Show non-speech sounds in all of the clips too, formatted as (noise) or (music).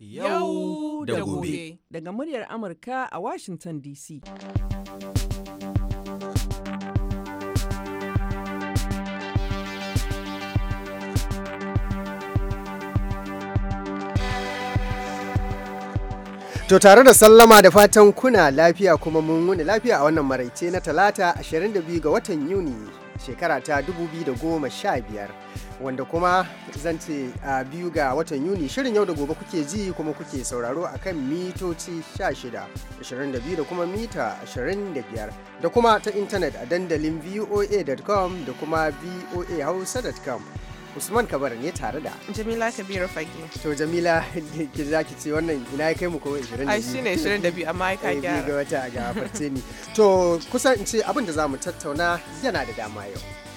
yau da gobe daga muryar amurka a washington dc To tare da sallama da fatan kuna lafiya kuma mun wuni lafiya a wannan maraice na talata 22 ga watan Yuni shekara ta 2015. wanda kuma zan ce a biyu ga watan yuni shirin yau da gobe kuke ji kuma kuke sauraro a kan mitoci 16 22 da kuma mita 25 da kuma ta intanet a dandalin voa.com da kuma voahausa.com usman kabar ne tare da jamila kabiru fage to jamila ki za ki ce wannan ina ya kai mu ko 22 ai shine 22 amma ka eh, gyara ga wata ga farce ni to kusan in ce abin da mu tattauna yana da dama yau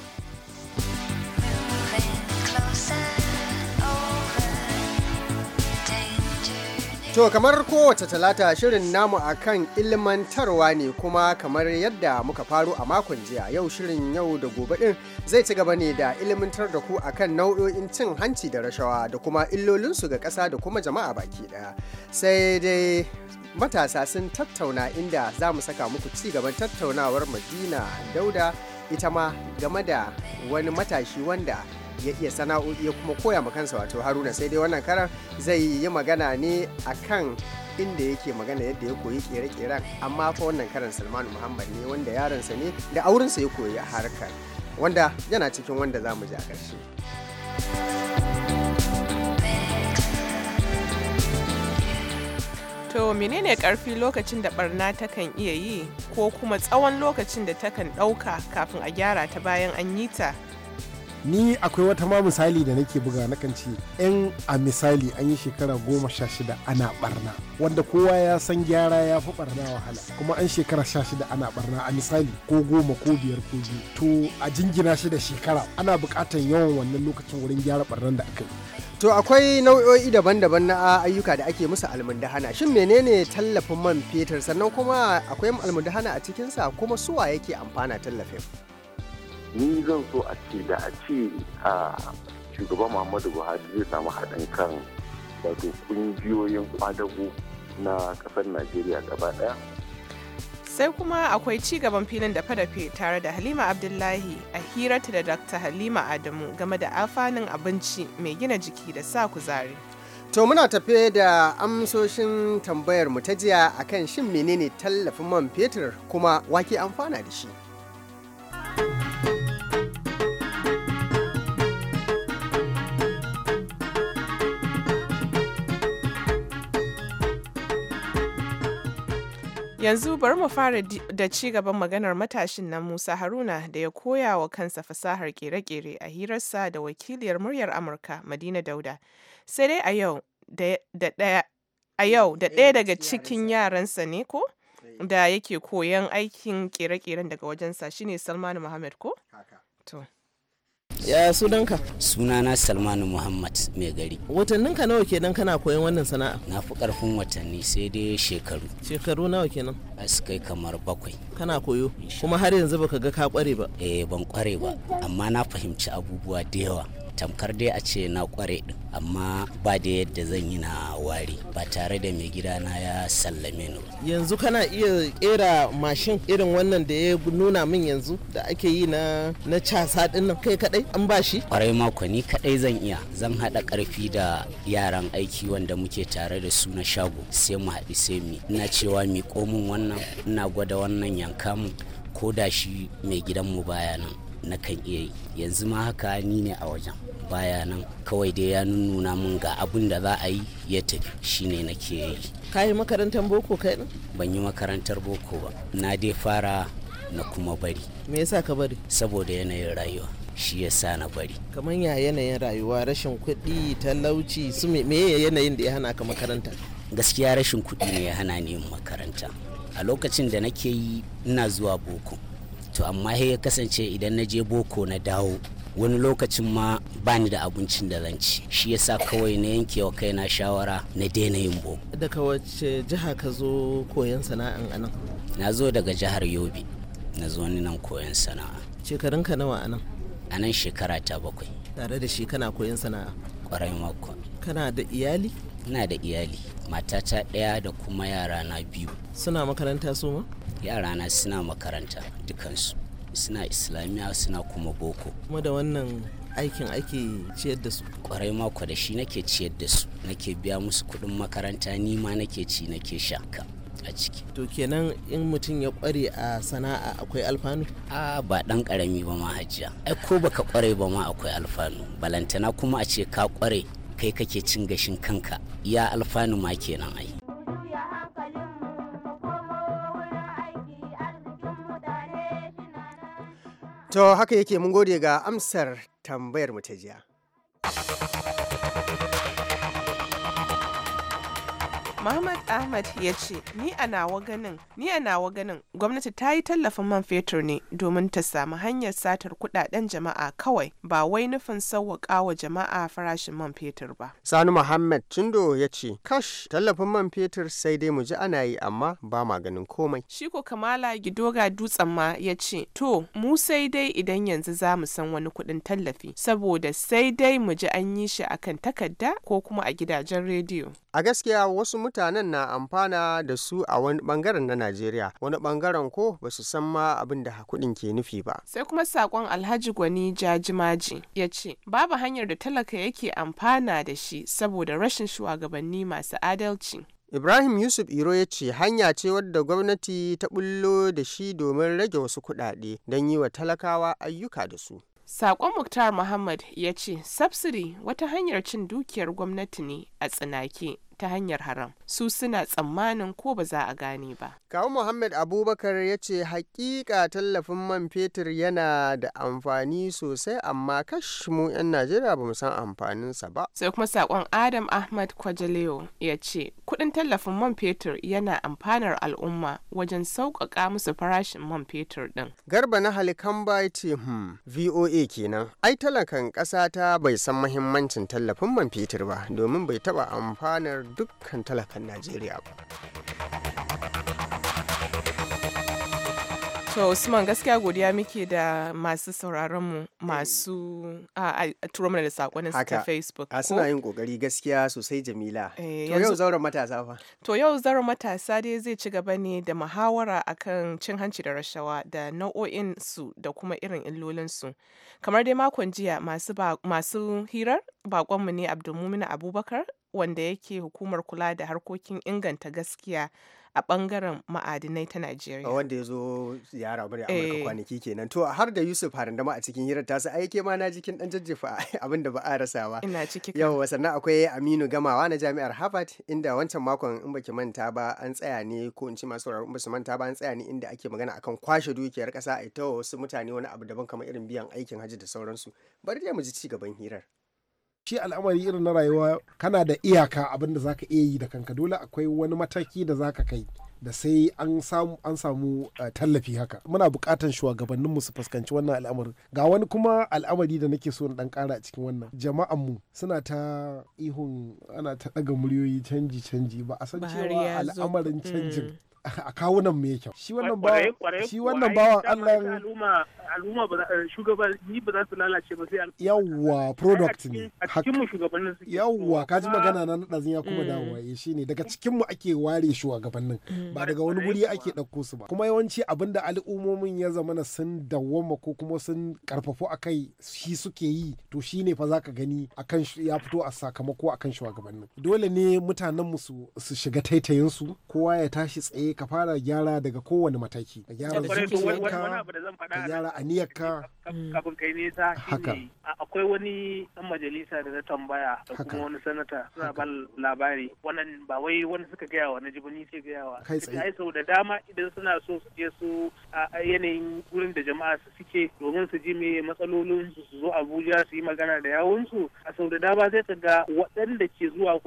To kamar kowace talata shirin namu akan ilmantarwa ne kuma kamar yadda muka faru a makon jiya yau shirin yau da gobe din zai ci gaba ne da ilmantar da ku akan nau'o'in cin hanci da rashawa da kuma illolinsu ga ƙasa da kuma jama'a baki ɗaya. Sai dai matasa sun tattauna inda za mu saka muku ci gaban tattaunawar Madina Dauda ita ma game da wani matashi wanda ya iya sana'o'i ya kuma koya ma kansa wato haruna sai dai wannan karan zai yi magana ne akan inda yake magana yadda ya koyi kere-keren amma fa wannan karan salmanu muhammad ne wanda yaransa ne da aurensa ya koyi a harkar wanda yana cikin wanda za mu ji a ƙarshe. To menene karfi lokacin da barna takan iya yi ko kuma tsawon lokacin da takan ɗauka kafin a gyara ta bayan an yi ta ni akwai wata ma misali da nake buga na kanci yan a misali an yi shekara goma sha shida ana barna wanda kowa ya san gyara ya fi barna wahala kuma an shekara sha shida ana barna a misali ko goma ko biyar ko biyu to a jingina shi da shekara ana buƙatar yawan wannan lokacin wurin gyara barnan da aka yi To akwai nau'o'i daban-daban na ayyuka da ake musu almundahana. Shin menene tallafin man fetur sannan kuma akwai almundahana a cikinsa kuma suwa yake amfana tallafin? ni zan so a ce da a ce a shugaban muhammadu buhari zai samu haɗin kan wato ƙungiyoyin kwadago na ƙasar najeriya gaba ɗaya sai kuma akwai ci gaban filin da fadafe tare da halima abdullahi a hirata da dr halima adamu game da afanin abinci mai gina jiki da sa kuzari to muna tafe da amsoshin tambayar mu ta jiya akan shin menene tallafin man fetur kuma wake amfana da shi Yanzu bari mu fara da ci gaban maganar matashin nan Musa Haruna da ya koya wa kansa fasahar kere-kere a hirarsa da wakiliyar muryar Amurka Madina Dauda. Sai dai a yau da ɗaya daga cikin yaransa ne ko? Da yake koyan aikin kere-keren daga wajensa shine Salmanu Muhammad ko? To. ya sunanka sunana salmanu muhammad mai gari watannin ka nawa kenan kana koyon wannan sana'a na fi karfin watanni sai dai shekaru shekaru nawa kenan a su kai kamar bakwai kana koyo kuma har yanzu baka ga ka kware ba eh ban kware ba amma na fahimci abubuwa da yawa tamkar dai a ce na kware din amma ba da yadda zan yi na wari ba tare da mai gidana ya sallame ni yanzu kana iya kera mashin irin wannan da ya nuna min yanzu da ake yi na na casa din nan kai kadai an ba shi kwarai mako ni kadai zan iya zan hada karfi da yaran aiki wanda muke tare da su na shago sai mu haɗi sai mi ina cewa mi komun wannan ina gwada wannan yanka mu ko da shi mai gidanmu baya nan na kan iya yi yanzu ma haka ni ne a wajen baya nan kawai dai ya nuna mun ga abin da za a yi ya tafi shine nake yi ka yi makarantar boko kai ban yi makarantar boko ba na dai fara na kuma bari me yasa ka bari saboda yanayin rayuwa shi ya sa na bari kamar ya yanayin rayuwa rashin kuɗi talauci su me yanayin da ya hana ka makaranta gaskiya rashin kuɗi ne ya hana ni yin makaranta a lokacin da nake yi ina zuwa boko to amma ya kasance idan na je boko na dawo wani lokacin ma bani da abincin da zan ci shi yasa kawai na yankewa kaina shawara na daina yin bo daga wace jiha ka zo koyon sana'an anan na zo daga jihar yobe na zo ni nan koyon sana'a shekarunka nawa anan a nan shekara ta bakwai tare da shi kana koyon sana'a kwarai mako kana da iyali ina da iyali matata ɗaya da kuma yara na biyu suna makaranta su ma yara na suna makaranta dukansu suna islamiyya suna kuma boko kuma da wannan aikin ake ciyar da su kwarai mako da shi nake ciyar da su nake biya musu kuɗin makaranta ni ma nake ci nake sha a ciki to kenan in mutum ya kware a sana'a akwai alfanu a ba dan karami ba ma hajiya ai ko baka kware ba ma akwai alfanu balantana kuma a ce ka kware kai kake cin gashin kanka Ya alfanu ma kenan ai To haka yake mun gode ga amsar tambayar mu ta jiya. Muhammad Ahmad ya ce, Ni a nawa ganin, ni a nawa ganin gwamnati ta yi tallafin man fetur ne domin ta samu hanyar satar kudaden jama'a kawai ba wai nufin sauwaƙa wa jama'a farashin man fetur ba. Sani Muhammad Tundo ya ce, Kash, tallafin man fetur sai dai mu ji ana yi amma ba ma ganin komai. Shi Kamala Gidoga Dutsen ma ya ce, To, mu sai dai idan yanzu za mu san wani kuɗin tallafi, saboda sai dai mu ji an yi shi akan takarda ko kuma a gidajen rediyo. A gaskiya wasu mutanen na amfana da su a wani bangaren na najeriya wani bangaren ko ba su san ma abin da kuɗin ke nufi ba sai kuma sakon alhaji gwani jajimaji ya ce babu hanyar da talaka yake amfana da shi saboda rashin shugabanni masu adalci Ibrahim Yusuf Iro ya ce hanya ce wadda gwamnati ta bullo da shi domin rage wasu kuɗaɗe don yi wa talakawa ayyuka da su. saƙon Muktar Muhammad ya ce, Subsidy wata hanyar cin dukiyar gwamnati ne a tsinake ta hanyar haram su suna tsammanin ko ba za a gane ba Kawu Muhammad Abubakar ya ce hakika tallafin man fetur yana da amfani sosai amma kash mu 'yan Najeriya ba mu san amfaninsa ba. Sai kuma sakon Adam Ahmad Kwajaleo ya ce kuɗin tallafin man fetur yana amfanar al'umma wajen sauƙaƙa musu farashin man fetur ɗin. Garba na halikan ya ce hmm, VOA kenan. Ai talakan ƙasa ta bai san mahimmancin tallafin man fetur ba domin bai taɓa amfanar dukkan talakan Najeriya ba. To Usman gaskiya godiya muke da masu sauraron mu masu a turo mana da sakonin ta Facebook. haka suna yin kokari gaskiya sosai Jamila. Eh, to yau zauren matasa fa. To yau zauren matasa dai zai ci gaba ne da muhawara akan cin hanci da rashawa da nau'o'in su da kuma irin illolin su. Kamar dai makon jiya masu masu hirar bakonmu ne Abdulmumin Abubakar wanda yake hukumar kula da harkokin inganta gaskiya a bangaren ma'adinai ta Najeriya. Wanda ya zo ziyara bari Amurka eh. kwanaki kenan. To har da Yusuf Harandama a cikin hirar tasa aike ke ma na jikin dan jajjefa (laughs) abin da ba a rasa ba. Ina ciki. Yawwa sannan akwai Aminu Gamawa na Jami'ar Harvard inda wancan makon in baki manta ba an tsaya ne ko in ci masu sauraron ba su manta ba an tsaya ne inda ake magana akan kwashe dukiyar kasa a ita wasu mutane wani abu daban kamar irin biyan aikin hajji da sauransu. Bari dai mu ji ci gaban hirar. shi al'amari irin na rayuwa kana da iyaka abin da zaka iya yi da kanka dole akwai wani mataki da zaka kai da sai an samu eh, tallafi haka muna bukatan mu su fuskanci wannan al'amarin ga wani kuma al'amari da nake so na dan kara a cikin wannan jama'an mu suna ta ihun ana ta daga muryoyi canji canji ba a san cewa al'amarin canjin mm. (laughs) a nan mu kyau shi wannan ba shi wannan bawan Allah al'umma al'umma eh, Ni ba za su lalace ba sai yawwa product ne a cikin mu shugabannin su yawwa ka ji magana na dazin ya kuma mm. dawowa eh shine daga cikin mu ake ware shugabannin mm. ba daga wani guri ake dauko su ba kuma yawanci abinda al'ummomin ya zamana sun dawwama ko kuma sun karfafu akai shi suke yi to shine fa zaka gani akan ya fito a sakamako akan shugabannin dole ne mutanen mu su shiga taitayin su kowa ya tashi tsaye ka fara gyara daga kowane mataki ka gyara eh, zuciyarka ka gyara aniyarka mm. kafin kai nesa shine akwai wani dan majalisa da na tambaya da kuma wani sanata suna ba labari wannan ba wai wani suka gaya wa na jibini ce gaya wa kai tsaye sau da dama idan suna so su je su a yanayin gurin da jama'a su suke domin su ji me matsalolin su zo Abuja su yi magana da yawun su a sau da dama sai ka ga waɗanda ke zuwa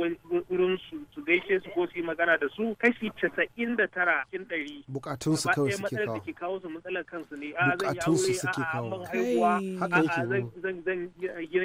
gurin su su gaishe su ko su yi magana da su kashi casa'in da tara cikin ɗari. Bukatun su kawai suke kawo. Matsalar da ke kawo su matsalar kansu ne. A zan yi aure, a a zan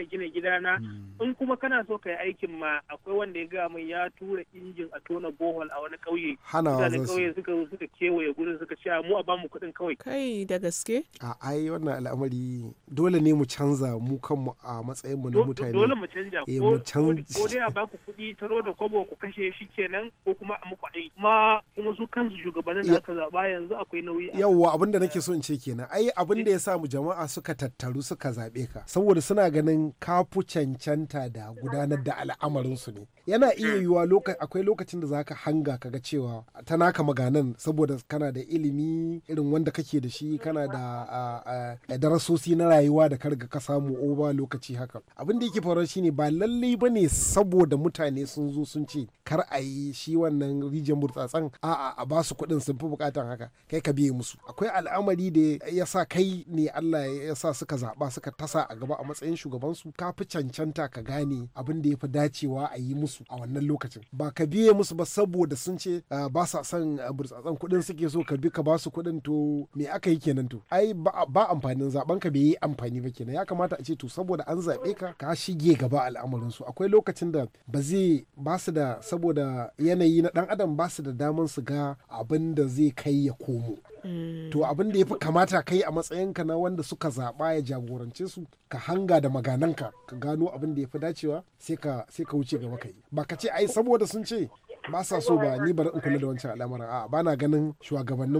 gina gidana. Hmm. In kuma kana so ka yi aikin ma akwai wanda ya gaya min ya tura injin a tona bohol a wani ƙauye. Hana wa zan ƙauye suka suka kewaye gurin suka ce mu a bamu kuɗin kawai. Kai da gaske. A ai wannan al'amari dole ne mu canza mu kanmu a matsayin mu na mutane. Dole mu eh, canza Ko dai a baku kuɗi taro da kobo ku kashe shi kenan ko kuma a muku aiki. ma kuma su kan kansu shugabannin da aka zaba yanzu akwai nauyi yawwa abin da nake so in ce kenan ai abin da ya mu jama'a suka tattaru suka zaɓe ka saboda suna ganin ka fi cancanta da gudanar da al'amarin su ne yana hmm. iya yiwuwa akwai lokacin da zaka hanga kaga cewa ta naka maganan saboda kana da ilimi irin wanda kake da shi kana da darasosi na rayuwa da karga ka samu over lokaci haka abin da yake faruwa shine ba lallai ne saboda mutane sun zo sun ce kar a yi shi wannan rijiyar burtsatsan a a ba su kuɗin sun fi bukatan haka kai ka biye musu akwai al'amari da ya sa kai ne Allah ya sa suka zaɓa suka tasa a gaba a matsayin shugabansu ka fi cancanta ka gane abin da ya fi dacewa a yi musu su a wannan lokacin ba ka biye musu ba saboda sun ce ah, ba sa son ah, burtsatsan kuɗin suke so ka bi ka ba su kuɗin to me aka yi kenan to ai ba amfanin zaben ka bai yi amfani ba kenan ya kamata a ce to saboda an zaɓe ka ka shige gaba al'amarin su akwai lokacin da ba zai ba su da saboda yanayi na dan adam ba su da daman su ga abin da zai kai ya komo Mm. to abin da ya fi kamata kai a matsayinka na wanda suka zaɓa ya jagorance su ka hanga da magananka ka gano abin da ya fi dacewa sai ka wuce gaba kai ba ka ce ai saboda sun ce ba sa so ba ni bari in kula da wancan al'amarin a'a ba na ganin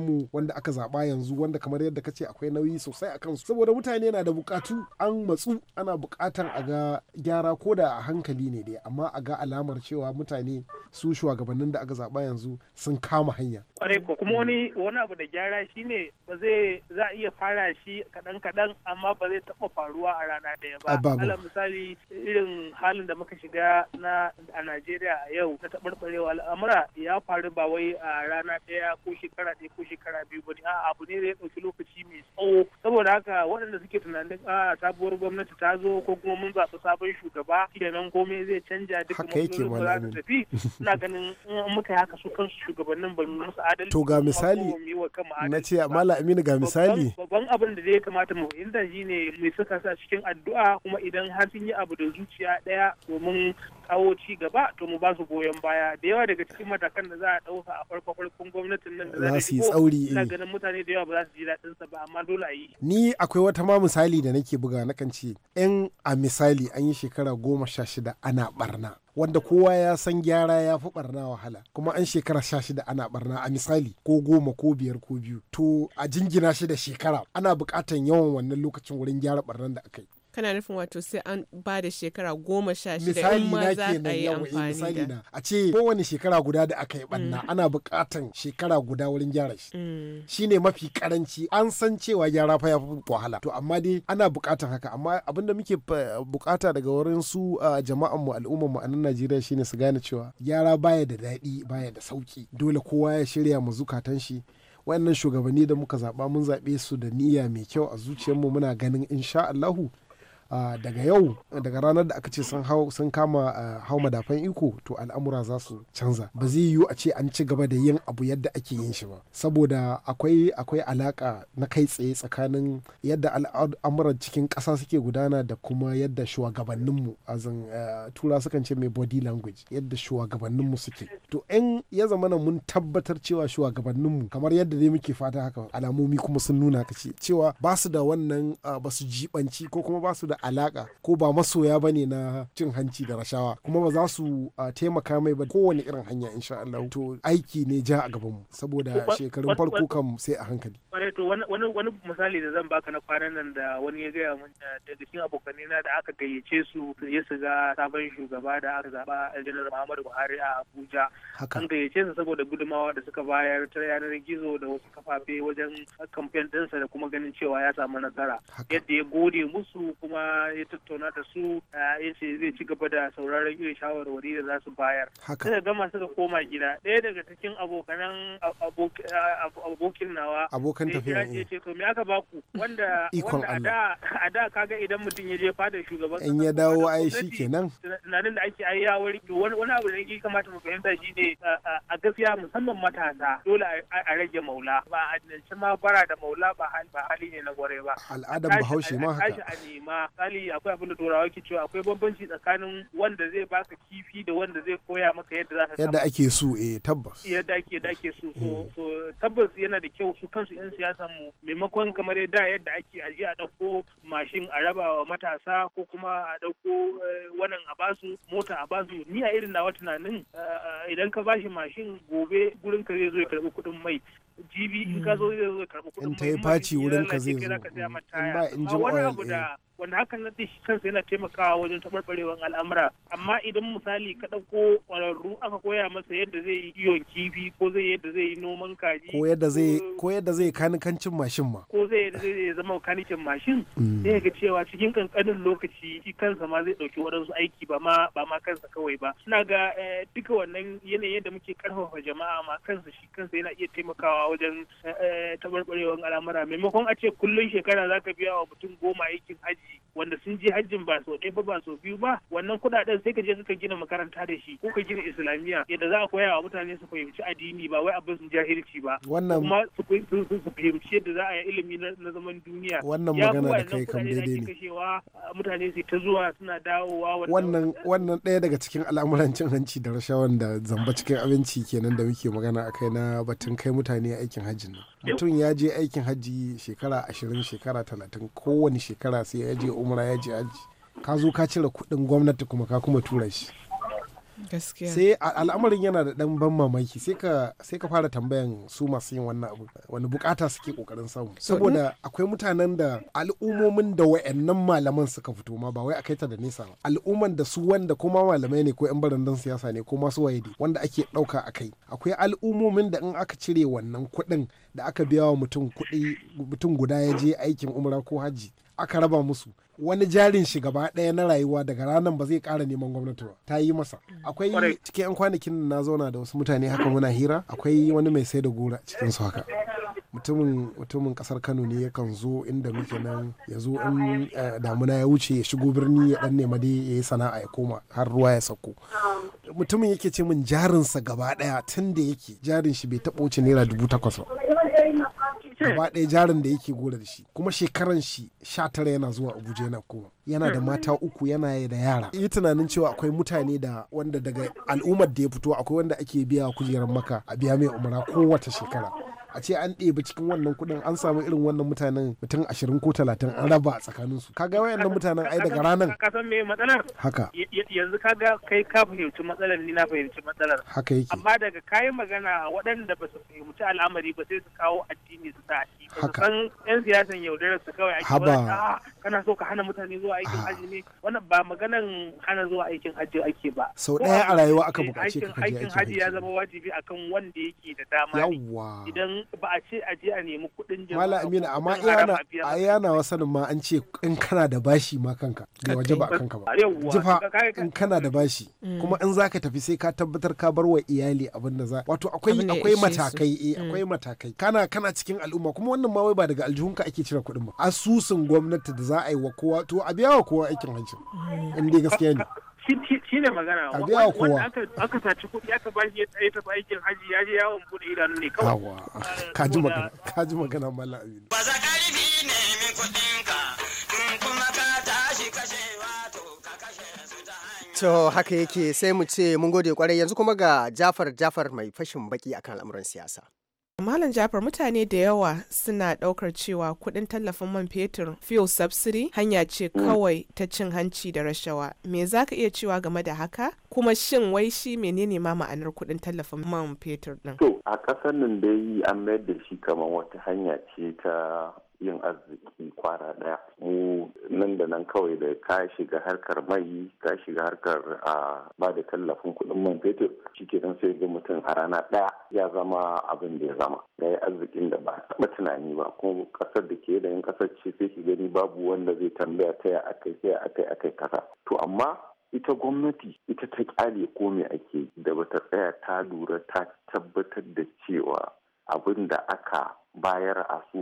mu wanda aka zaba yanzu wanda kamar yadda kace akwai nauyi sosai a kansu saboda mutane na da bukatu an matsu ana bukatan a ga gyara ko da a hankali ne dai amma a ga alamar cewa mutane su shugabannin da aka zaba yanzu sun kama hanya kwarai ko kuma wani wani abu da gyara shine ba zai za iya fara shi kadan kadan amma ba zai taba faruwa a rana daya ba alal misali irin halin da muka shiga na a Najeriya a yau na taɓarɓarewa al'amura ya faru ba wai a rana ɗaya ko shekara ɗaya ko shekara biyu ba ne a abu ne da ya ɗauki lokaci mai tsawo saboda haka waɗanda suke tunanin a sabuwar gwamnati ta zo ko kuma mun zaɓi sabon shugaba kenan komai zai canja duk matsalolin ba za tafi ina ganin in muka haka su kansu shugabannin ba mu musu adalci to ga misali na ce mala aminu ga misali babban abin da zai kamata mu fahimta shine mai suka sa cikin addu'a kuma idan har sun yi abu da zuciya ɗaya domin kawo ci gaba to mu ba su goyon baya da yawa daga cikin matakan da za a ɗauka a farko farkon gwamnatin nan da za su yi tsauri ina ganin mutane da yawa ba za su ji daɗin sa ba amma dole a yi ni akwai wata ma misali da nake buga na kan ce yan a misali an yi shekara goma sha shida ana barna wanda kowa ya san gyara ya fi barna wahala kuma an shekara sha shida ana barna a misali ko goma ko biyar ko biyu to a jingina shi da shekara ana bukatan yawan wannan lokacin wurin gyara barnan da aka yi kana nufin wato sai an ba da shekara goma sha shida in ma za a yi eh, amfani da na a ce kowane shekara guda da aka yi banna mm. ana bukatan shekara guda wurin gyara shi mm. shine mafi karanci an san cewa gyara fa ya wahala to amma dai ana bukatan haka amma abin da muke eh, bukata daga wurin su eh, jama'an mu al'umman mu a nan Najeriya shine su gane cewa gyara baya da daɗi baya da sauki dole kowa ya shirya mu zukatan shi wayannan shugabanni da muka zaɓa mun zaɓe su da niyya mai kyau a zuciyarmu muna ganin insha Allahu daga yau daga ranar da aka ce sun sun kama hau madafan iko to al'amura za su canza ba zai yiwu a ce an ci gaba da yin abu yadda ake yin shi ba saboda akwai akwai alaka na kai tsaye tsakanin yadda al'amuran cikin ƙasa suke gudana da kuma yadda shugabanninmu a zan tura sukan ce mai body language yadda shugabanninmu suke to in ya na mun tabbatar cewa shugabanninmu kamar yadda dai muke fata haka alamomi kuma sun nuna ka cewa ba su da wannan ba su jibanci ko kuma ba su da alaka ko ba masoya ba ne na cin hanci da rashawa kuma ba za su ah, taimaka mai ba kowane irin hanya insha Allah to aiki ne ja a gaban mu saboda shekarun farko kam sai a hankali wani misali da zan baka na kwanan nan da wani ya gaya mun eh, daga cikin abokanai na da aka gayyace su ya shiga sabon shugaba da aka zaba eh, aljanar Muhammadu Buhari a Abuja an gayyace su saboda gudumawa da suka bayar ta yanar gizo da wasu kafafe wajen kamfen ɗinsa da kuma ganin cewa ya samu nasara yadda ya gode musu kuma ya tattauna da su ya ce zai ci gaba da sauraron irin shawarwari da za su bayar sai gama suka koma gida ɗaya daga cikin abokanan abokin nawa abokan tafiya eh. ya ce to me aka baku wanda wanda a da kaga idan mutum ya je fada shugaban in ya dawo ai shi kenan tunanin da ake ai ya wani wani abu da yake kamata mu fahimta shi ne a gaskiya musamman matasa dole a rage maula ba a ma bara da maula ba hali ne na gore ba Al'adar bahaushe ma haka misali akwai abin da turawa ke cewa akwai bambanci tsakanin wanda zai baka kifi da wanda zai koya maka yadda za ka yadda ake so eh tabbas yadda ake da ake so mm. so tabbas yana da kyau su kansu yan siyasan mu maimakon kamar yadda yadda ake aje a dauko mashin a raba wa matasa ko kuma a dauko eh, wannan a basu mota a basu ni a irin nawa tunanin eh, idan ka bashi mashin gobe gurin ka zai zo ya karbi kudin mai jibi in ka zo mm. zai zo ya karbi kuɗin mai in ta yi faci wurin ka zai zo mm. in ba wani abu da eh. wanda hakan na shi kansa yana taimakawa wajen taɓarɓarewar al'amura amma idan misali ka ɗauko ƙwararru aka koya masa yadda zai yi kiwon kifi ko zai yadda zai yi noman kaji ko yadda zai ko yadda zai kanikancin mashin ma ko zai yadda zai zama kanikin mashin mm. sai ga cewa cikin kankanin lokaci shi kansa ma zai ɗauki waɗansu aiki ba ma ba ma kansa kawai ba ina ga eh, duka wannan yanayin yadda muke karfafa jama'a ma kansa shi kansa yana iya taimakawa wajen eh, taɓarɓarewar al'amura maimakon a ce kullum shekara za ka biya wa mutum goma aikin haji hajji wanda sun je hajjin ba sau ɗaya ba ba sau biyu ba wannan kuɗaɗen sai ka je suka gina makaranta da shi ko ka gina islamiyya yadda za a koya wa mutane su fahimci addini ba wai abin jahilci ba wannan kuma su fahimci yadda za a yi ilimi na zaman duniya wannan magana da kai kan daidai ne mutane su ta zuwa suna dawowa wannan wannan ɗaya daga cikin al'amuran cin hanci da rashawan da zamba cikin abinci kenan da muke magana akai na batun kai mutane aikin hajjin nan mutum ya je aikin hajji shekara ashirin shekara talatin kowane shekara sai ya je umra ya je hajji ka zo ka cire kuɗin gwamnati kuma ka kuma tura shi Gaskiya. sai al'amarin yana da dan ban mamaki sai ka fara tambayan su masu yin wannan abu wani bukata suke kokarin samu saboda akwai mutanen da al'ummomin da wayannan malaman suka fito ma ba wai akai ta da nesa ba al'umman da su wanda kuma malamai ne ko yan barandan siyasa ne ko masu waye wanda ake dauka akai akwai al'ummomin da in aka cire wannan kuɗin da aka biya wa mutum kuɗi mutum guda ya je aikin umra ko hajji aka raba musu wani jarin shi gaba ɗaya na rayuwa daga ranar ba zai ƙara neman gwamnati ba ta yi masa mm. akwai cikin 'yan kwanakin na zauna da wasu mutane haka muna hira akwai wani mai sai da gora cikin su haka mutumin mutumin kasar kano ne yakan zo inda muke nan ya zo in eh, damuna ya wuce ya shigo birni ya dan nema dai ya yi sana'a ya koma har ruwa ya sauko mutumin yake ce min jarinsa gaba daya tun da yake jarin shi bai taɓa wuce naira dubu takwas ba gaba ɗaya jarin da yake gora da shi kuma shekaran shi sha tara yana zuwa abuja yana kowa yana da hmm. mata uku yana da yara yi tunanin cewa akwai mutane da wanda daga al'ummar da ya fito akwai wanda ake biya kujerar maka a biya mai umara kowace shekara a ce an ɗebi cikin wannan kuɗin an samu irin wannan mutanen mutum ashirin ko talatin an raba a tsakanin su kaga wayannan mutanen ai daga ranar ka san me matsalar haka yanzu kaga kai ka fahimci matsalar ni na fahimci matsalar haka yake amma daga kayan magana waɗanda ba su fahimci al'amari ba sai su kawo addini su sa addini haka san yan siyasan yaudarar su kawai ake ba ah, kana so ka hana mutane zuwa aikin haji ne wannan ba maganan hana zuwa aikin haji ake ba sau ɗaya a rayuwa aka buƙaci ka aikin haji ya zama wajibi akan wanda yake da dama idan ba a ce a je a nemi kuɗin jama'a mala amina amma yana a yana wasanin ma an ce in kana da bashi ma kanka bai waje ba kanka ba jifa in kana da bashi mm. kuma in zaka tafi sai ka tabbatar ka bar wa iyali abin da za wato akwai akwai matakai eh mm. akwai matakai kana kana cikin al'umma kuma wannan ma wai ba daga aljihunka ake cire kuɗin ba asusun gwamnati da za a yi wa kowa to a biya wa kowa aikin hancin mm. in dai gaskiya ne shi ne magana wanda aka kuɗi aka ba shi ya tafi aikin ya je idanu ne kawai magana to haka yake sai mu ce mun gode kwarai yanzu kuma ga Jafar Jafar mai fashin baki akan al'amuran siyasa Malam Jafar mutane da yawa suna ɗaukar cewa kuɗin tallafin man fetur fuel subsidy hanya ce mm. kawai ta cin hanci da rashawa. Me za ka iya cewa game da haka? Kuma shin wai shi menene ma ma'anar kuɗin tallafin man fetur ɗin? To, a ƙasar nan dai an mayar da shi kamar wata hanya ce ta yin arziki kwara daya mu nan da nan kawai da ka shiga harkar mai ka shiga harkar a ba da tallafin kuɗin man fetur shi ke sai ga mutum a rana daya ya zama abin da ya zama ya yi arzikin da ba taɓa tunani ba kuma ƙasar da ke da yin ƙasar ce sai ki gani babu wanda zai tambaya ta ya akai ta ya akai akai kasa to amma ita gwamnati ita ta kyale ko me ake da bata tsaya ta lura ta tabbatar da cewa abin da aka bayar a su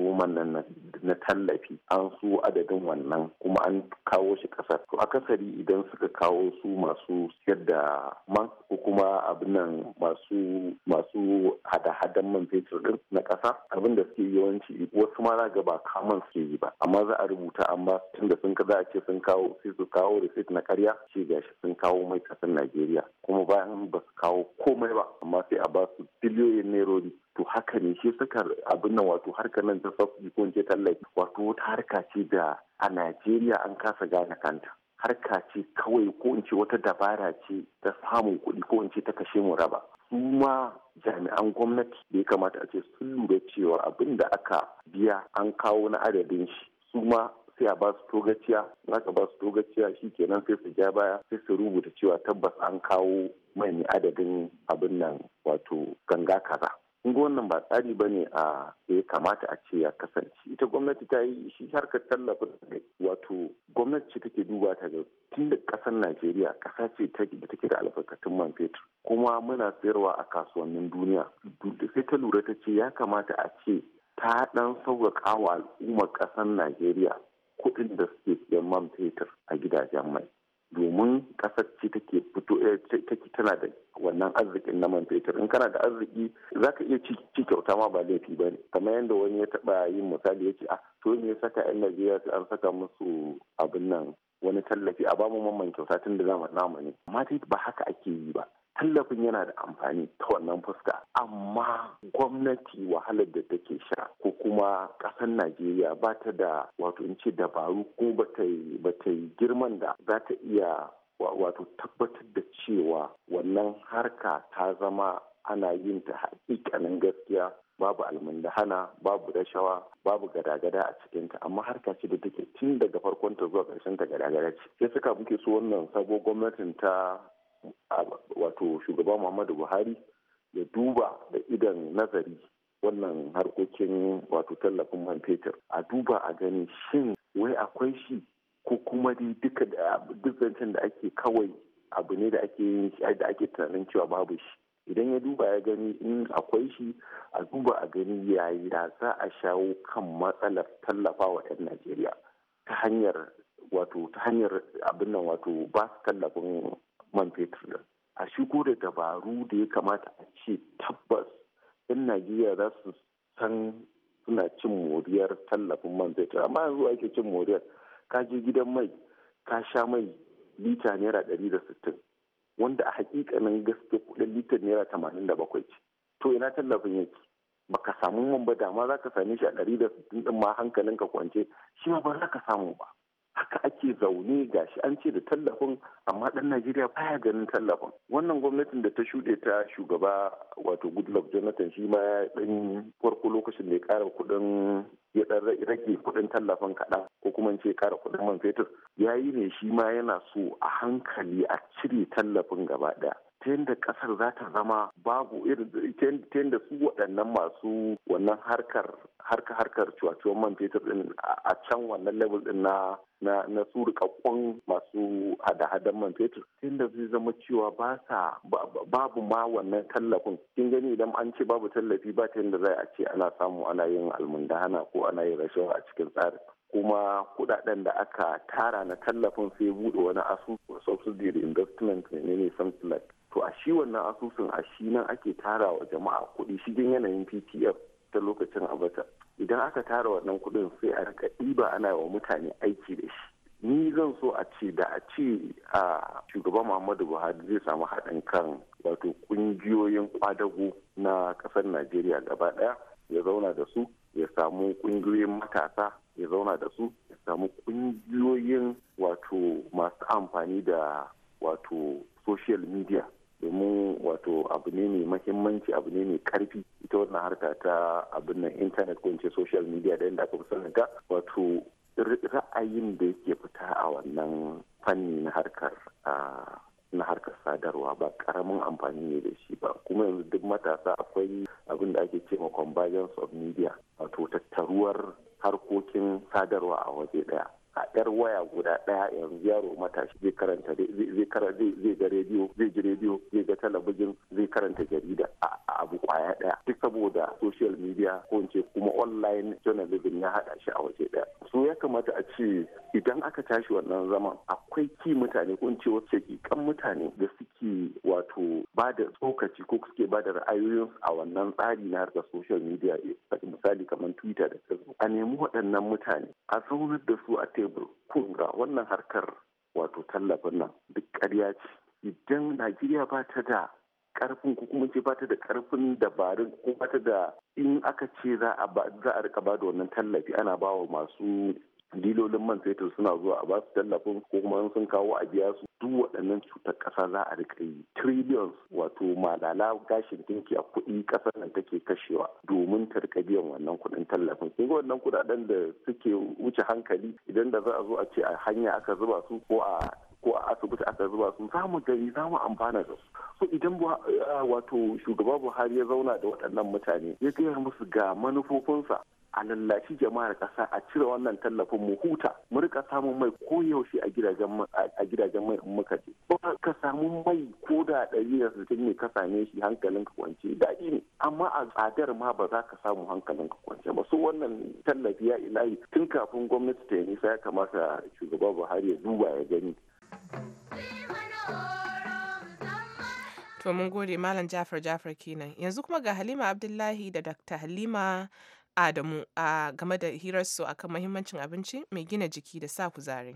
na tallafi an su adadin wannan kuma an kawo shi kasar to akasari idan suka kawo su masu siyar da man ko kuma abin nan masu hada-hadan man fetur din na kasa abin da suke yawanci wasu ma ga ba kaman suke yi ba amma za a rubuta amma ba tunda sun kaza za a ce sun kawo sai su kawo receipt na karya shi gashi sun kawo mai kasar Najeriya kuma bayan ba su kawo komai ba amma sai a ba su biliyoyin nerori haka ne shi suka abin nan wato harkar nan ta fafi ko ce tallafi wato wata harka ce da a Najeriya an kasa gane kanta harka ce kawai ko in ce wata dabara ce ta samun kuɗi ko in ce ta kashe mu raba su jami'an gwamnati da ya kamata a ce sun lura cewa abin da aka biya an kawo na adadin shi su ma sai a ba su togaciya in aka ba su togaciya shi kenan sai su ja baya sai su rubuta cewa tabbas an kawo mai adadin abin nan wato ganga kaza ga wannan ba tsari ba ne a ya kamata a ce ya kasance ita gwamnati ta yi shi harkar tallafin wato gwamnati ce take duba ta ga tun da ƙasar najeriya ƙasa ce da take da albarkatun man fetur kuma muna sayarwa a kasuwannin duniya sai ta lura ta ce ya kamata a ce ta ɗan sauƙaƙa wa al'ummar ƙasar najeriya kuɗin da suke siyan man fetur a gidajen mai domin kasar ce take fito eh, take tana da wannan arzikin na man fetur in kana da arziki za ka iya ci kyauta ma ba laifi ba ne kamar yadda wani ya taba yin misali ya ce ah to ne saka yan najeriya sai an saka musu abin nan wani tallafi a bamu mamman kyauta tun da zamani ne amma ba haka ake yi ba tallafin yana da amfani ta wannan fuska amma gwamnati wahalar da take sha ko kuma ƙasar najeriya ba ta da wato in ce dabaru ko ba ta yi girman da za ta iya wato tabbatar da cewa wannan harka ta zama ana yin ta haƙiƙanin gaskiya babu almundahana babu rashawa babu gada-gada a cikinta amma harka ce da take tun daga farkon ta zuwa ƙarshen ta gada-gada ce sai suka muke so wannan sabo gwamnatin ta wato shugaba muhammadu buhari ya duba da idan nazari wannan harkokin wato tallafin man fetur a duba a gani shin wai akwai shi ko kuma dai duka duk da ake kawai abu ne da ake da ake tunanin cewa babu shi idan ya duba ya gani in akwai shi a duba a gani yayi da za a shawo kan matsalar tallafa wa 'yan najeriya ta hanyar wato ta hanyar abin nan wato ba su tallafin man fetur din a shigo da dabaru da ya kamata a ce tabbas 'yan najeriya za su san suna cin moriyar tallafin man fetur amma yanzu ake cin moriyar ka je gidan mai ka sha mai lita naira ɗari da sittin wanda a hakikanin gaske kudin lita naira tamanin da bakwai ce to ina tallafin yake baka samu man ba dama za ka same shi a ɗari da sittin ɗin ma hankalin ka kwance shi ma ba za ka samu ba haka ake zaune ga shi an ce da tallafin amma ɗan najeriya baya ganin tallafin wannan gwamnatin da ta shuɗe ta shugaba wato goodluck jonathan shi ma dan farko lokacin da ya ƙara kuɗin ya dan rage kuɗin tallafin kaɗan ko kuma ce ƙara kuɗin man fetur ya yi ne shi ma yana so a hankali a cire tallafin gaba ɗaya ta yadda kasar za ta zama babu irin ta yadda su waɗannan masu wannan harkar harka harkar cuwacuwan man fetur din a can wannan level ɗin na na na masu hada-hadan man fetur da zai zama cewa ba sa babu ma wannan tallafin kin gani idan an ce babu tallafi ba ta yadda za a ce ana samu ana yin almundana ko ana yin rashawa a cikin tsarin kuma kudaden da aka tara na tallafin sai bude wani asusu subsidy investment ne ne something like to a shi wannan asusun a shi nan ake tara wa jama'a kuɗi shigin yanayin ptf ta lokacin abata idan aka tara wannan kuɗin sai a rika ɗiba ana wa mutane aiki da shi ni zan so a ce da a ce a shugaban muhammadu buhari zai samu haɗin kan wato ƙungiyoyin kwadago na ƙasar najeriya gaba ɗaya ya zauna da su ya samu ƙungiyoyin matasa ya zauna da su ya samu ƙungiyoyin wato masu amfani da wato social media domin wato abu ne mai mahimmanci abu ne mai karfi ita wannan harka ta abin nan intanet ko in ce social media da yadda aka fi sananta wato ra'ayin da yake fita a wannan fanni na harkar na harkar sadarwa ba karamin amfani ne da shi ba kuma yanzu duk matasa akwai abin da ake ma convergence of media wato tattaruwar harkokin sadarwa a waje daya a yar waya guda ɗaya yanzu yaro matashi zai karanta zai ga rediyo zai ji rediyo zai ga talabijin zai karanta jarida a abu kwaya ɗaya duk saboda social media ko in kuma online journalism ya haɗa shi a waje ɗaya so ya kamata a ce idan aka tashi wannan zaman akwai ki mutane ko in ce wasu shakikan mutane da suke wato ba da tsokaci ko suke ba da ra'ayoyinsu a wannan tsari na harkar social media misali kamar twitter da facebook a nemi waɗannan mutane a zaunar da su a lebur kun wannan harkar wato tallafin nan duk ƙarya ce idan najeriya ba ta da karfin ko kuma ce ba ta da karfin dabarun ko ba ta da in aka ce za a rika ba da wannan tallafi ana ba wa masu dilolin man fetur suna zuwa a basu tallafin ko kuma sun kawo a biya su duk waɗannan cutar ƙasa za a rika yi trillions wato malala gashin dinki a kuɗi ƙasar nan take kashewa domin ta rika biyan wannan kuɗin tallafin kun ga wannan kuɗaɗen da suke wuce hankali idan da za a zo a ce a hanya aka zuba su ko a ko a asibiti aka zuba su za mu gani za mu amfana da su so idan wato shugaba buhari ya zauna da waɗannan mutane ya gaya musu ga manufofinsa a lallaci jama'ar kasa a cire wannan tallafin mu huta mu rika samun mai koyaushe a gidajen a gidajen mai in muka je ka samu mai ko da ɗari da sittin ne ka same shi hankalin ka kwance daɗi ne amma a tsadar ma ba za ka samu hankalin ka kwance ba su wannan tallafi ya ilahi tun kafin gwamnati ta yi nisa ya kamata shugaba Buhari ya duba ya gani. To mun gode Malam Jafar Jafar kenan. Yanzu kuma ga Halima Abdullahi da Dr. Halima Adamu a game da hirarsu akan mahimmancin abinci mai gina jiki da sa kuzari.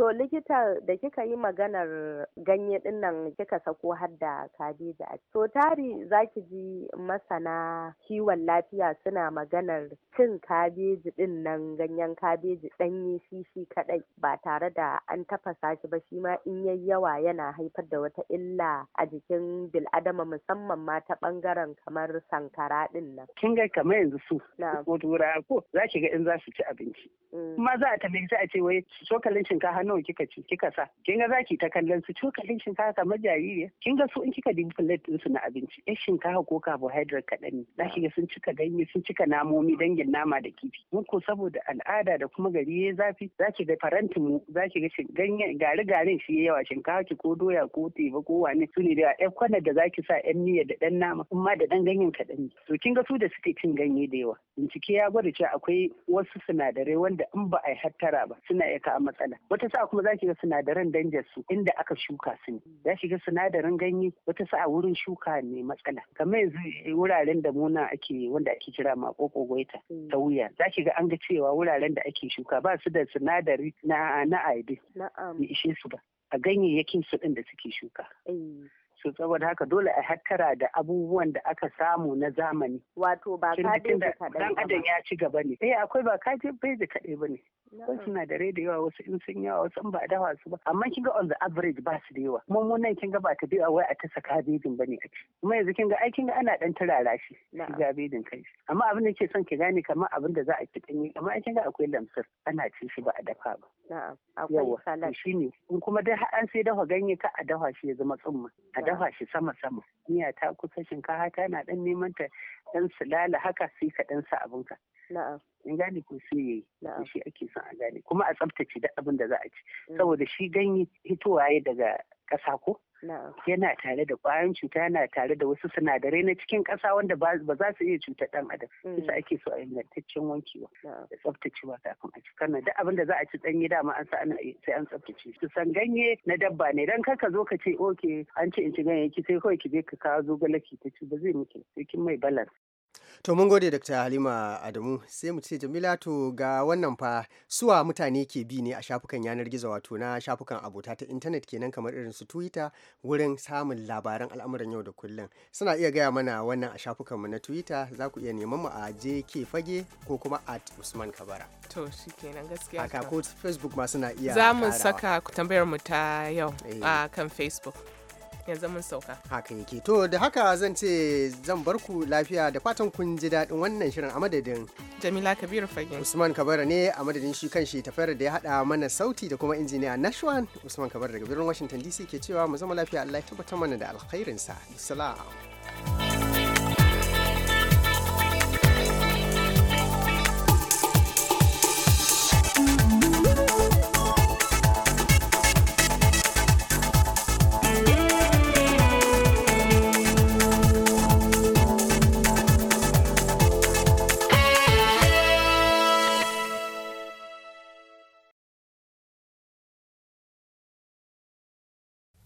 To likita da kika yi maganar ganye dinnan kika sako har da kabeji to tari zaki ji masana kiwon lafiya suna maganar cin kabeji dinnan ganyen kabeji ɗanye shi shi kaɗai ba tare da an tafasa shi ba shi ma in yayi yawa yana haifar da wata illa a jikin bil'adama musamman ma ta ɓangaren kamar sankara dinnan. Kin ga kamar yanzu su ko tura ko za ki ga in za su ci abinci. Mm. Kuma za a tambayi za a ce wai cokalin shinkafa hannu kika ci kika sa kin ga zaki ta kallon su cokalin shinkafa kamar jaririya kin ga su in kika dubi plate din su na abinci eh shinkafa ko carbohydrate kadan ne zaki ga sun cika ganye sun cika namomi dangin nama da kifi mun ko saboda al'ada da kuma gari ya zafi zaki ga farantin mu zaki ga ganye gari garin shi yawa shinkafa ki ko doya ko teba ko wani su ne da ƴan kwana da zaki sa ƴan miya da ɗan nama kuma da ɗan ganyen kadan ne to kin ga su da suke cin ganye da yawa bincike ya gwada cewa akwai wasu sinadarai wanda in ba a yi hattara ba suna iya kawo matsala wata sa'a kuma za ki ga sinadaran danjar su inda aka shuka su ne za ki ga sinadarin ganye wata sa'a wurin shuka ne matsala kamar yanzu wuraren da muna ake wanda ake kira makoko goita ta hmm. wuya za ki ga an ga cewa wuraren da ake shuka ba su da sinadari na na aibe bai ishe su ba a ganyayyakin su ɗin da suke shuka. Eh. su saboda haka dole a hattara da abubuwan da aka samu na zamani. Wato ba kaje da kaɗai ba. Dan adam ya ci gaba ne. Eh akwai ba kaji bai da kaɗai ba ne. akwai sinadarai da yawa wasu in sun yawa wasu in ba a wasu ba amma kin ga on the average ba su da yawa kuma mun nan kin ga ba ta da wai a tasa kabejin bane a ci kuma yanzu kin ga ai kin ga ana dan turara shi kabejin kai amma abin da ke son ki gane kamar abin da za a ci danye amma ai kin ga akwai lamsir ana ci shi ba a dafa ba na'am akwai salad ne in kuma dai har an sai dafa ganye ka a dafa shi ya zama tsumma a dafa shi sama sama miya ta kusa shinkafa ta na dan neman ta dan sulala haka sai ka dan sa ka. in gane ko sai yayi shi ake son a gane kuma a tsaftace da abin da za a ci mm. saboda shi ganye hitowa ya daga ƙasa ko yana tare da kwayan cuta yana tare da wasu sinadarai na cikin ƙasa wanda ba za su iya cutar ɗan adam kusa mm. ake so a ingantaccen wankewa da tsaftacewa kafin a ci kana duk abinda za a ci ɗanye dama an sa sai an tsaftace su san ganye na dabba ne dan ka zo ka ce oke an ce in ci ki sai kawai ki je ka kawo zogale ki ta ci ba zai miki sai kin mai balance To mun gode Dr. Halima Adamu sai mu ce Jamila to ga wannan fa suwa mutane ke bi ne a shafukan yanar gizo wato na shafukan abota ta intanet kenan kamar irin su Twitter wurin samun labaran al'amuran yau da kullum. Suna iya gaya mana wannan a shafukan mu na Twitter za ku iya neman mu a JK Fage ko kuma at Usman Kabara. To shi kenan gaskiya. Haka ko Facebook ma suna iya. Za mu saka tambayar mu ta yau eh. a kan Facebook. yanzu mun sauka haka yake to da haka zan ce zan bar ku lafiya da fatan kun ji daɗin wannan shirin a madadin jamila kabiru fagin usman kabara ne a madadin shi kan shi tafiyar da ya haɗa mana sauti da kuma injiniya nashwan usman kabara daga birnin washington dc ke cewa mu zama lafiya allah ya tabbatar mana da alkhairinsa salam